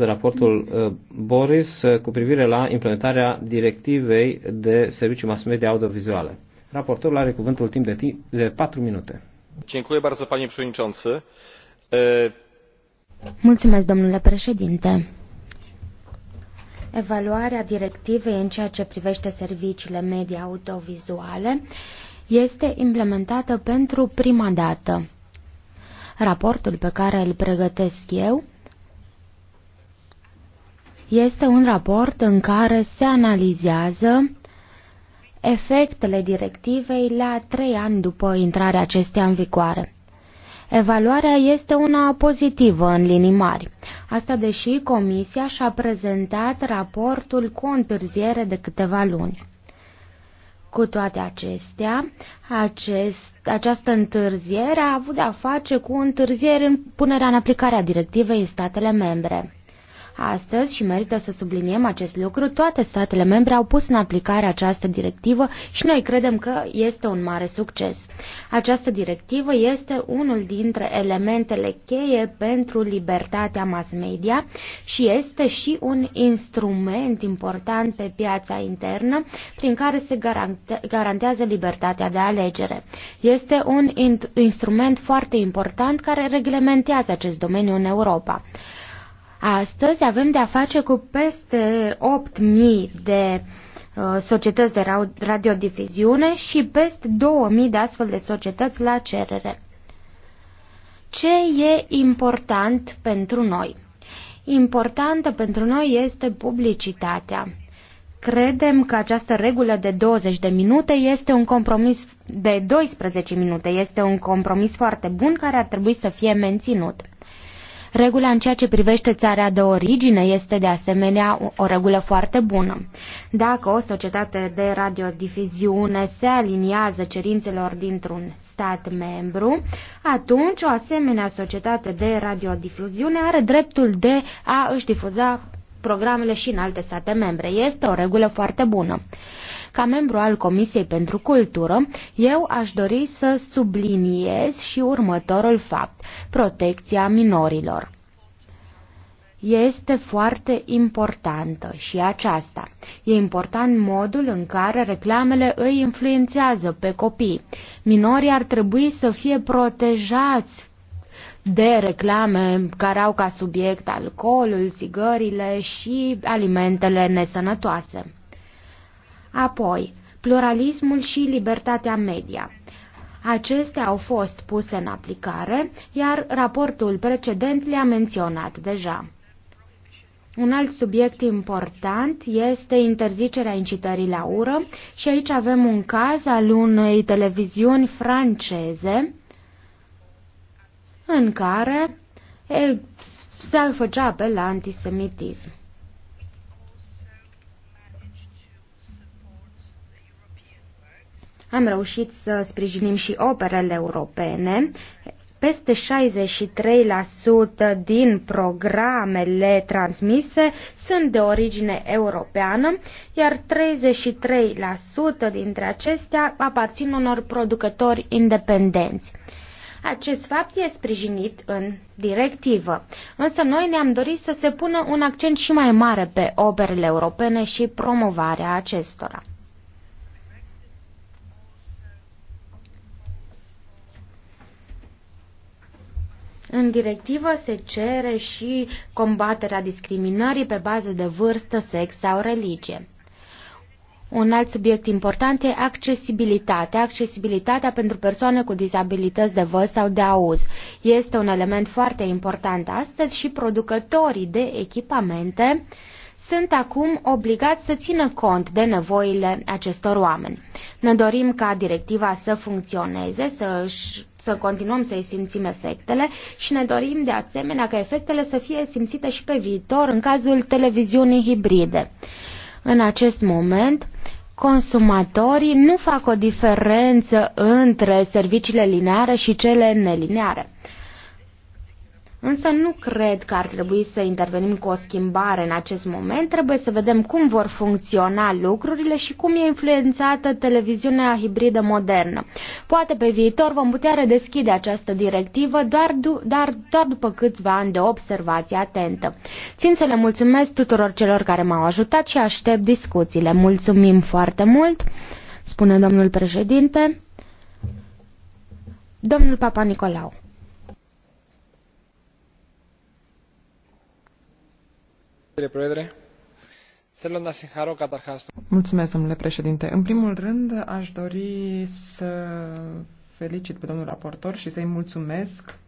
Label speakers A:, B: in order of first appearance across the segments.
A: raportul uh, Boris uh, cu privire la implementarea directivei de servicii mass media audiovizuale. Raportorul are cuvântul timp de, timp de 4 minute.
B: Dziękuję bardzo,
C: panie przewodniczący.
B: Mulțumesc, domnule președinte. Evaluarea directivei în ceea ce privește serviciile media audiovizuale este implementată pentru prima dată. Raportul pe care îl pregătesc eu este un raport în care se analizează efectele directivei la trei ani după intrarea acesteia în vigoare. Evaluarea este una pozitivă în linii mari. Asta deși Comisia și-a prezentat raportul cu o întârziere de câteva luni. Cu toate acestea, acest, această întârziere a avut de-a face cu întârziere în punerea în aplicare a directivei în statele membre. Astăzi, și merită să subliniem acest lucru, toate statele membre au pus în aplicare această directivă și noi credem că este un mare succes. Această directivă este unul dintre elementele cheie pentru libertatea mass media și este și un instrument important pe piața internă prin care se garantează libertatea de alegere. Este un instrument foarte important care reglementează acest domeniu în Europa. Astăzi avem de-a face cu peste 8.000 de uh, societăți de radiodifiziune și peste 2000 de astfel de societăți la cerere. Ce e important pentru noi? Importantă pentru noi este publicitatea. Credem că această regulă de 20 de minute este un compromis de 12 minute, este un compromis foarte bun care ar trebui să fie menținut. Regula în ceea ce privește țara de origine este de asemenea o, regulă foarte bună. Dacă o societate de radiodifiziune se aliniază cerințelor dintr-un stat membru, atunci o asemenea societate de radiodifuziune are dreptul de a își difuza programele și în alte state membre. Este o regulă foarte bună. Ca membru al Comisiei pentru Cultură, eu aș dori să subliniez și următorul fapt, protecția minorilor este foarte importantă și aceasta. E important modul în care reclamele îi influențează pe copii. Minorii ar trebui să fie protejați de reclame care au ca subiect alcoolul, țigările și alimentele nesănătoase. Apoi, pluralismul și libertatea media. Acestea au fost puse în aplicare, iar raportul precedent le-a menționat deja. Un alt subiect important este interzicerea incitării la ură și aici avem un caz al unei televiziuni franceze în care se făcea apel la antisemitism. Am reușit să sprijinim și operele europene. Peste 63% din programele transmise sunt de origine europeană, iar 33% dintre acestea aparțin unor producători independenți. Acest fapt e sprijinit în directivă, însă noi ne-am dorit să se pună un accent și mai mare pe operele europene și promovarea acestora. În directivă se cere și combaterea discriminării pe bază de vârstă, sex sau religie. Un alt subiect important e accesibilitatea, accesibilitatea pentru persoane cu dizabilități de văz sau de auz. Este un element foarte important astăzi și producătorii de echipamente uh, sunt acum obligați să țină cont de nevoile acestor oameni. Ne dorim ca directiva să funcționeze, să, să continuăm să-i simțim efectele și ne dorim de asemenea ca efectele să fie simțite și pe viitor în cazul televiziunii hibride. În acest moment, consumatorii nu fac o diferență între serviciile lineare și cele nelineare. Însă nu cred că ar trebui să intervenim cu o schimbare în acest moment. Trebuie să vedem cum vor funcționa lucrurile și cum e influențată televiziunea hibridă modernă. Poate pe viitor vom putea redeschide această directivă, doar du- dar doar după câțiva ani de observație atentă. Țin să le mulțumesc tuturor celor care m-au ajutat și aștept discuțiile. Mulțumim foarte mult, spune domnul președinte. Domnul Papa Nicolau.
C: Mulțumesc, domnule președinte. În primul rând, aș dori să felicit pe domnul raportor și să-i mulțumesc,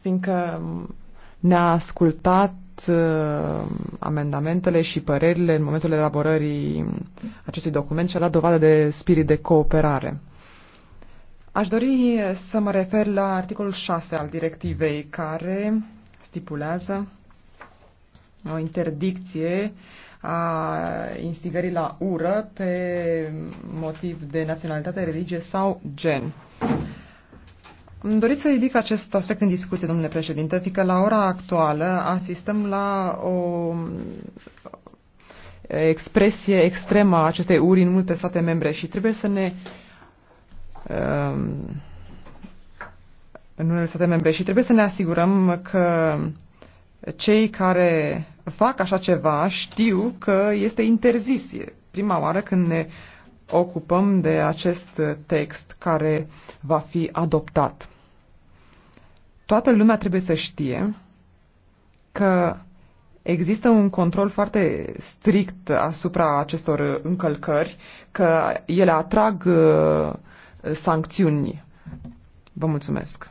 C: fiindcă ne-a ascultat uh, amendamentele și părerile în momentul elaborării acestui document și a dat dovadă de spirit de cooperare. Aș dori să mă refer la articolul 6 al directivei care stipulează o interdicție a instigării la ură pe motiv de naționalitate, religie sau gen. Îmi doriți să ridic acest aspect în discuție, domnule președinte, fiindcă la ora actuală asistăm la o expresie extremă a acestei uri în multe state membre și trebuie să ne um, în unele state membre și trebuie să ne asigurăm că cei care fac așa ceva știu că este interzis. Prima oară când ne ocupăm de acest text care va fi adoptat. Toată lumea trebuie să știe că există un control foarte strict asupra acestor încălcări, că ele atrag uh, sancțiuni. Vă mulțumesc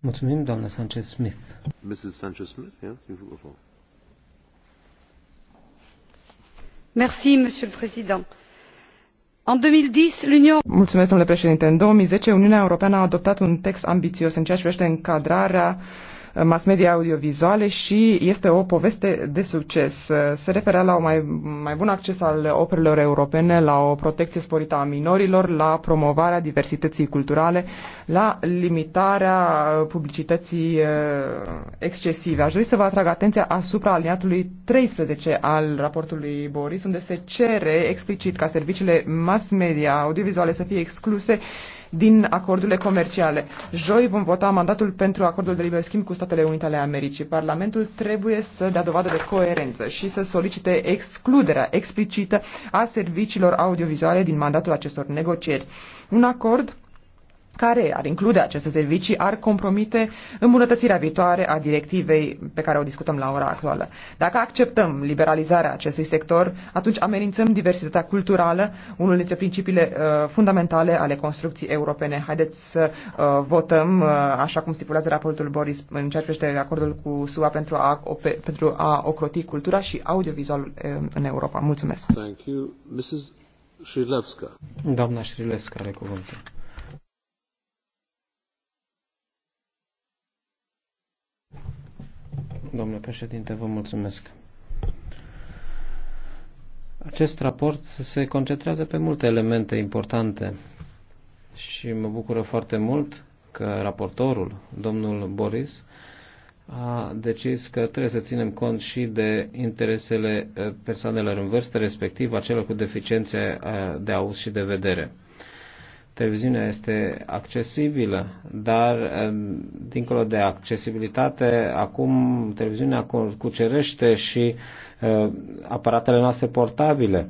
A: Mulțumim, doamna Sanchez-Smith. Mrs. Sanchez-Smith, yeah, you've you
D: Merci, Monsieur le Président. În 2010,
C: Mulțumesc, domnule președinte. În 2010, Uniunea Europeană a adoptat un text ambițios în ceea ce privește încadrarea mass media audiovizuale și este o poveste de succes. Se referea la un mai, mai bun acces al operelor europene, la o protecție sporită a minorilor, la promovarea diversității culturale, la limitarea publicității eh, excesive. Aș dori să vă atrag atenția asupra aliniatului 13 al raportului Boris, unde se cere explicit ca serviciile mass media audiovizuale să fie excluse din acordurile comerciale. Joi vom vota mandatul pentru acordul de liber schimb cu Statele Unite ale Americii. Parlamentul trebuie să dea dovadă de coerență și să solicite excluderea explicită a serviciilor audiovizuale din mandatul acestor negocieri. Un acord care ar include aceste servicii ar compromite îmbunătățirea viitoare a directivei pe care o discutăm la ora actuală. Dacă acceptăm liberalizarea acestui sector, atunci amenințăm diversitatea culturală, unul dintre principiile uh, fundamentale ale construcției europene. Haideți să uh, votăm, uh, așa cum stipulează raportul Boris în ceea ce privește acordul cu SUA pentru a, ope, pentru a ocroti cultura și audiovizualul uh, în Europa. Mulțumesc! Thank you. Mrs. Shrilevska.
A: Doamna Shrilevska are cuvântul. domnule președinte, vă mulțumesc. Acest raport se concentrează pe multe elemente importante și mă bucură foarte mult că raportorul, domnul Boris, a decis că trebuie să ținem cont și de interesele eh, persoanelor în vârstă, respectiv a celor cu deficiențe eh, de auz și de vedere televiziunea este accesibilă, dar eh, dincolo de accesibilitate, acum televiziunea cucerește și eh, aparatele noastre portabile.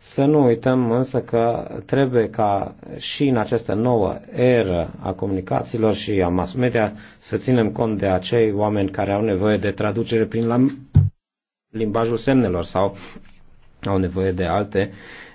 A: Să nu uităm însă că trebuie ca și în această nouă eră a comunicațiilor și a mass media să ținem cont de acei oameni care au nevoie de traducere prin limbajul semnelor sau au nevoie de alte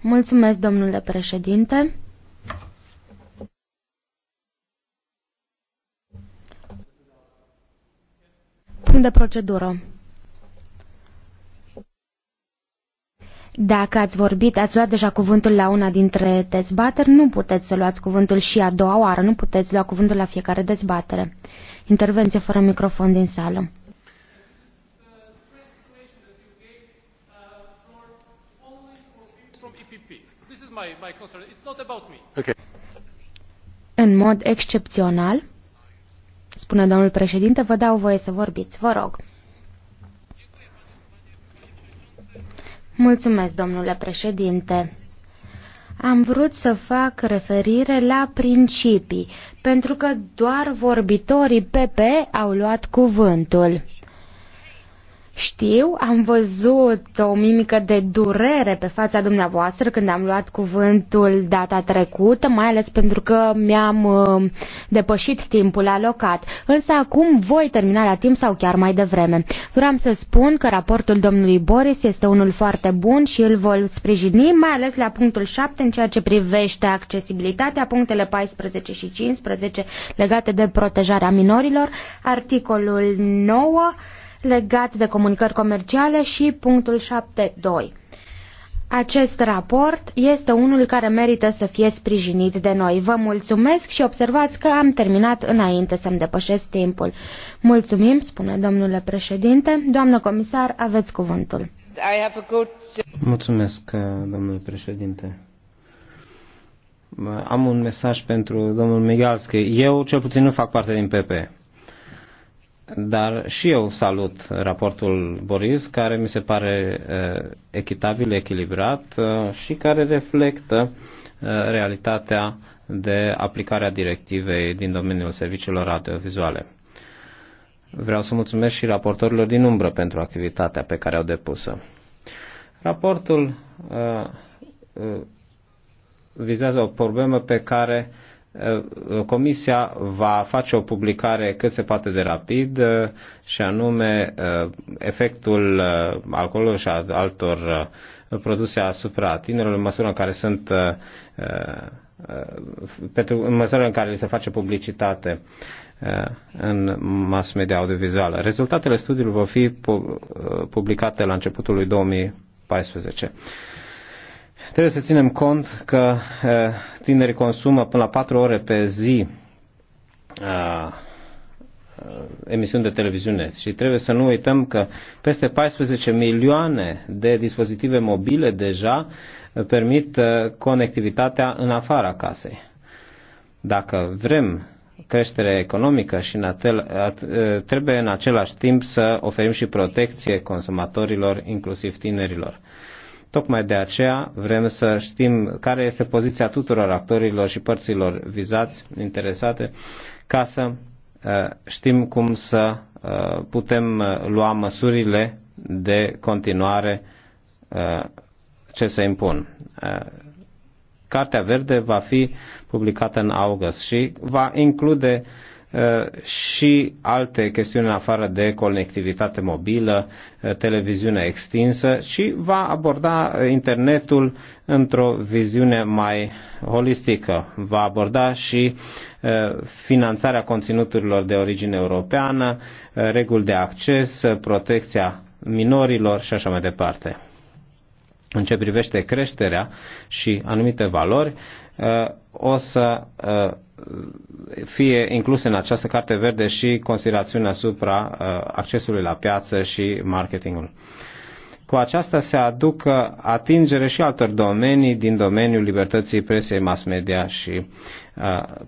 B: Mulțumesc, domnule președinte. Punct de procedură. Dacă ați vorbit, ați luat deja cuvântul la una dintre dezbateri, nu puteți să luați cuvântul și a doua oară, nu puteți lua cuvântul la fiecare dezbatere. Intervenție fără microfon din sală. Okay. În mod excepțional, spune domnul președinte, vă dau voie să vorbiți, vă rog. Mulțumesc, domnule președinte. Am vrut să fac referire la principii, pentru că doar vorbitorii PP au luat cuvântul. Știu, am văzut o mimică de durere pe fața dumneavoastră când am luat cuvântul data trecută, mai ales pentru că mi-am uh, depășit timpul alocat. Însă acum voi termina la timp sau chiar mai devreme. Vreau să spun că raportul domnului Boris este unul foarte bun și îl voi sprijini, mai ales la punctul 7 în ceea ce privește accesibilitatea, punctele 14 și 15 legate de protejarea minorilor, articolul 9 legat de comunicări comerciale și punctul 7.2. Acest raport este unul care merită să fie sprijinit de noi. Vă mulțumesc și observați că am terminat înainte să-mi depășesc timpul. Mulțumim, spune domnule președinte. Doamnă comisar, aveți cuvântul.
D: Good...
A: Mulțumesc, domnule președinte. Am un mesaj pentru domnul Migalski. Eu, cel puțin, nu fac parte din PP dar și eu salut raportul Boris, care mi se pare echitabil, echilibrat și care reflectă realitatea de aplicare a directivei din domeniul serviciilor audiovizuale. Vreau să mulțumesc și raportorilor din umbră pentru activitatea pe care au depusă. Raportul uh, uh, vizează o problemă pe care uh, Eh, comisia va face o publicare cât se poate de rapid eh, și anume eh, efectul alcoolului și altor produse asupra tinerilor în măsură în care sunt pentru, în măsură în care li se face publicitate în mass media audiovizuală. Rezultatele studiului vor fi publicate la începutul lui 2014. Trebuie să ținem cont că tinerii consumă până la 4 ore pe zi emisiuni de televiziune și trebuie să nu uităm că peste 14 milioane de dispozitive mobile deja permit conectivitatea în afara casei. Dacă vrem creștere economică și în atel, trebuie în același timp să oferim și protecție consumatorilor, inclusiv tinerilor. Tocmai de aceea vrem să știm care este poziția tuturor actorilor și părților vizați, interesate, ca să uh, știm cum să uh, putem uh, lua măsurile de continuare ce se impun. Cartea verde va fi publicată în august și va include Uh, și alte chestiuni în afară de conectivitate mobilă, uh, televiziune extinsă și va aborda internetul într-o viziune mai holistică. Va aborda și uh, finanțarea conținuturilor de origine europeană, reguli de acces, protecția minorilor și așa mai departe în ce privește creșterea și anumite valori, uh, o să uh, fie incluse în această carte verde și considerațiunea asupra uh, accesului la piață și marketingul. Cu aceasta se aducă atingere și altor domenii din domeniul libertății presei, mass media și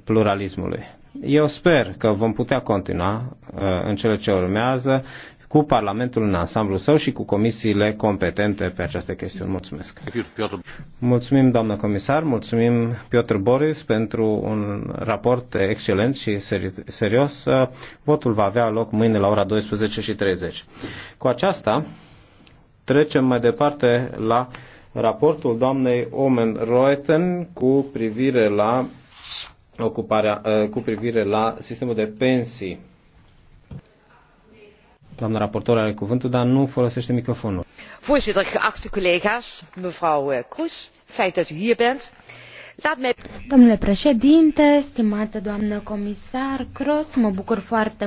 A: pluralismului. Eu sper că vom putea continua în cele ce urmează cu Parlamentul în ansamblu său și cu comisiile competente pe aceste chestiuni. Mulțumesc! Mulțumim, doamnă comisar, mulțumim Piotr Boris pentru un raport excelent și serios. Votul va avea loc mâine la ora 12.30. Cu aceasta trecem mai departe la raportul doamnei Omen Reuten cu privire la ocuparea, eh, cu privire la sistemul de pensii. Doamna raportor are cuvântul, dar nu folosește microfonul.
D: Voorzitter, geachte collega's, mevrouw eh, Kroes, fijn dat u hier bent. Domnule președinte, stimată doamnă comisar Cross, mă bucur foarte